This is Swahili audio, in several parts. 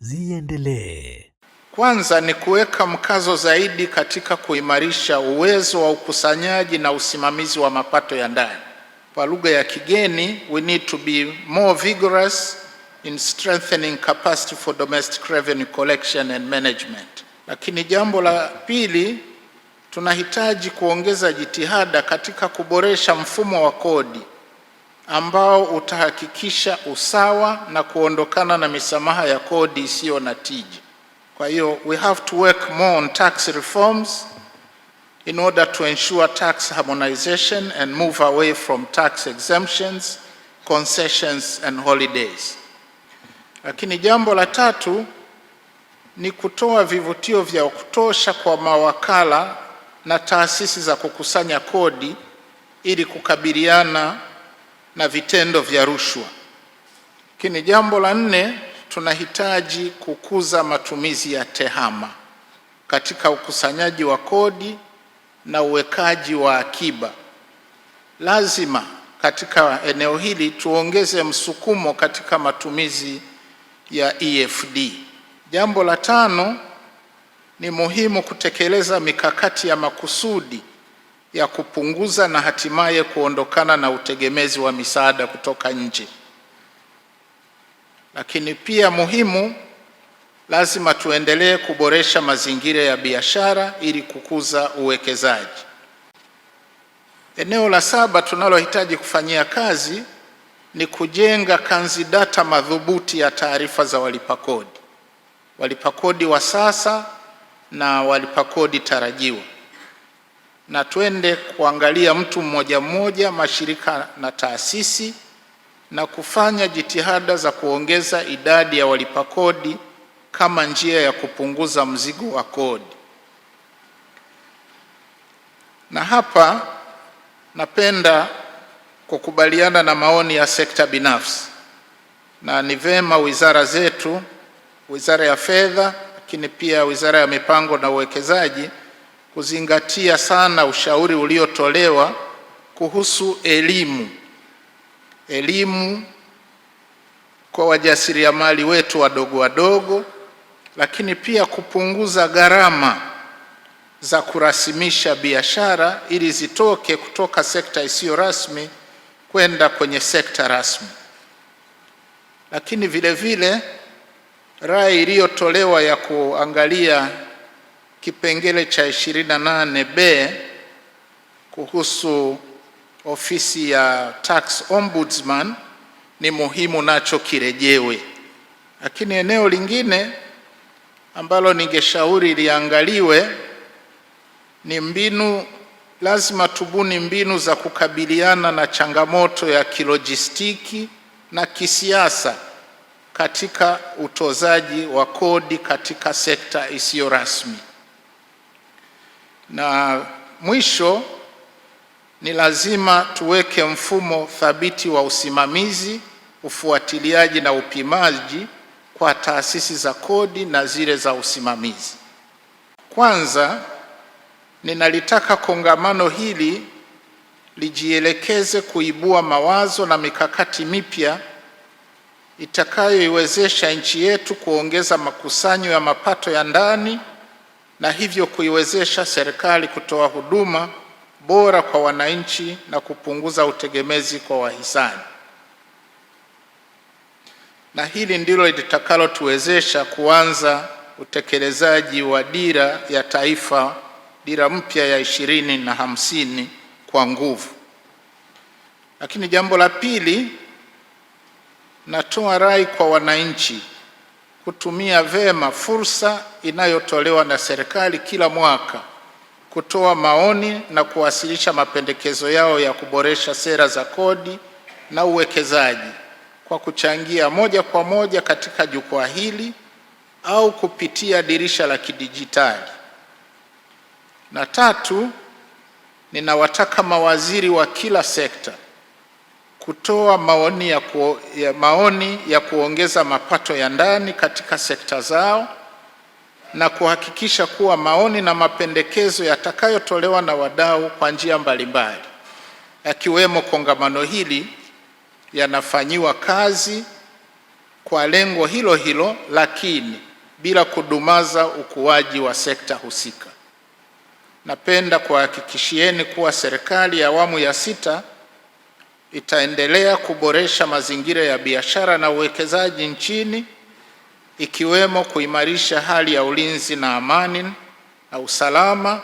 ziendelee. Kwanza ni kuweka mkazo zaidi katika kuimarisha uwezo wa ukusanyaji na usimamizi wa mapato ya ndani. Kwa lugha ya kigeni, we need to be more vigorous in strengthening capacity for domestic revenue collection and management. Lakini jambo la pili, tunahitaji kuongeza jitihada katika kuboresha mfumo wa kodi ambao utahakikisha usawa na kuondokana na misamaha ya kodi isiyo na tija. Kwa hiyo we have to work more on tax reforms in order to ensure tax harmonization and move away from tax exemptions, concessions and holidays. Lakini jambo la tatu ni kutoa vivutio vya kutosha kwa mawakala na taasisi za kukusanya kodi ili kukabiliana na vitendo vya rushwa. Lakini jambo la nne, tunahitaji kukuza matumizi ya tehama katika ukusanyaji wa kodi na uwekaji wa akiba. Lazima katika eneo hili tuongeze msukumo katika matumizi ya EFD. Jambo la tano, ni muhimu kutekeleza mikakati ya makusudi ya kupunguza na hatimaye kuondokana na utegemezi wa misaada kutoka nje. Lakini pia muhimu, lazima tuendelee kuboresha mazingira ya biashara ili kukuza uwekezaji. Eneo la saba tunalohitaji kufanyia kazi ni kujenga kanzidata madhubuti ya taarifa za walipakodi, walipakodi wa sasa na walipakodi tarajiwa na twende kuangalia mtu mmoja mmoja, mashirika na taasisi, na kufanya jitihada za kuongeza idadi ya walipa kodi kama njia ya kupunguza mzigo wa kodi. Na hapa napenda kukubaliana na maoni ya sekta binafsi, na ni vema wizara zetu, Wizara ya Fedha, lakini pia Wizara ya Mipango na Uwekezaji kuzingatia sana ushauri uliotolewa kuhusu elimu, elimu kwa wajasiriamali wetu wadogo wadogo, lakini pia kupunguza gharama za kurasimisha biashara ili zitoke kutoka sekta isiyo rasmi kwenda kwenye sekta rasmi. Lakini vile vile rai iliyotolewa ya kuangalia kipengele cha 28b kuhusu ofisi ya tax ombudsman ni muhimu, nacho kirejewe. Lakini eneo lingine ambalo ningeshauri liangaliwe ni mbinu, lazima tubuni mbinu za kukabiliana na changamoto ya kilojistiki na kisiasa katika utozaji wa kodi katika sekta isiyo rasmi. Na mwisho ni lazima tuweke mfumo thabiti wa usimamizi, ufuatiliaji na upimaji kwa taasisi za kodi na zile za usimamizi. Kwanza, ninalitaka kongamano hili lijielekeze kuibua mawazo na mikakati mipya itakayoiwezesha nchi yetu kuongeza makusanyo ya mapato ya ndani na hivyo kuiwezesha serikali kutoa huduma bora kwa wananchi na kupunguza utegemezi kwa wahisani. Na hili ndilo litakalotuwezesha kuanza utekelezaji wa dira ya taifa, dira mpya ya ishirini na hamsini kwa nguvu. Lakini jambo la pili, natoa rai kwa wananchi kutumia vema fursa inayotolewa na serikali kila mwaka kutoa maoni na kuwasilisha mapendekezo yao ya kuboresha sera za kodi na uwekezaji kwa kuchangia moja kwa moja katika jukwaa hili au kupitia dirisha la kidijitali. Na tatu, ninawataka mawaziri wa kila sekta kutoa maoni ya, ku, ya, maoni ya kuongeza mapato ya ndani katika sekta zao na kuhakikisha kuwa maoni na mapendekezo yatakayotolewa na wadau kwa njia mbalimbali yakiwemo kongamano hili yanafanyiwa kazi kwa lengo hilo hilo, lakini bila kudumaza ukuaji wa sekta husika. Napenda kuhakikishieni kuwa serikali ya awamu ya sita itaendelea kuboresha mazingira ya biashara na uwekezaji nchini ikiwemo kuimarisha hali ya ulinzi na amani na usalama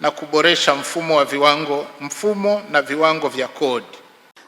na kuboresha mfumo wa viwango, mfumo na viwango vya kodi.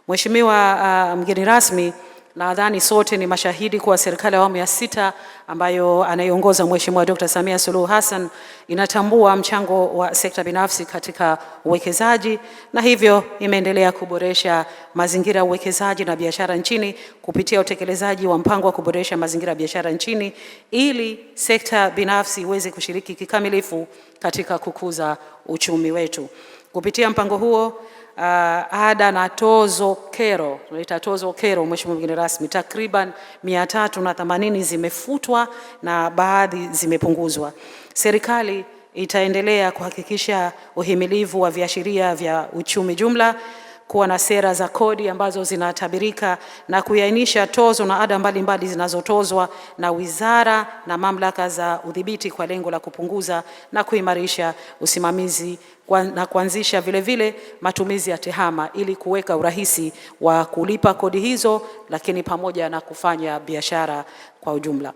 Mheshimiwa uh, mgeni rasmi Nadhani sote ni mashahidi kuwa serikali ya awamu ya sita ambayo anayeongoza Mheshimiwa Dr. Samia Suluhu Hassan inatambua mchango wa sekta binafsi katika uwekezaji na hivyo imeendelea kuboresha mazingira ya uwekezaji na biashara nchini kupitia utekelezaji wa mpango wa kuboresha mazingira ya biashara nchini ili sekta binafsi iweze kushiriki kikamilifu katika kukuza uchumi wetu. Kupitia mpango huo uh, ada na tozo kero, tunaita tozo kero, Mheshimiwa mgeni rasmi, takriban mia tatu na themanini zimefutwa na baadhi zimepunguzwa. Serikali itaendelea kuhakikisha uhimilivu wa viashiria vya uchumi jumla kuwa na sera za kodi ambazo zinatabirika na kuainisha tozo na ada mbalimbali zinazotozwa na wizara na mamlaka za udhibiti kwa lengo la kupunguza na kuimarisha usimamizi na kuanzisha vile vile matumizi ya tehama ili kuweka urahisi wa kulipa kodi hizo, lakini pamoja na kufanya biashara kwa ujumla.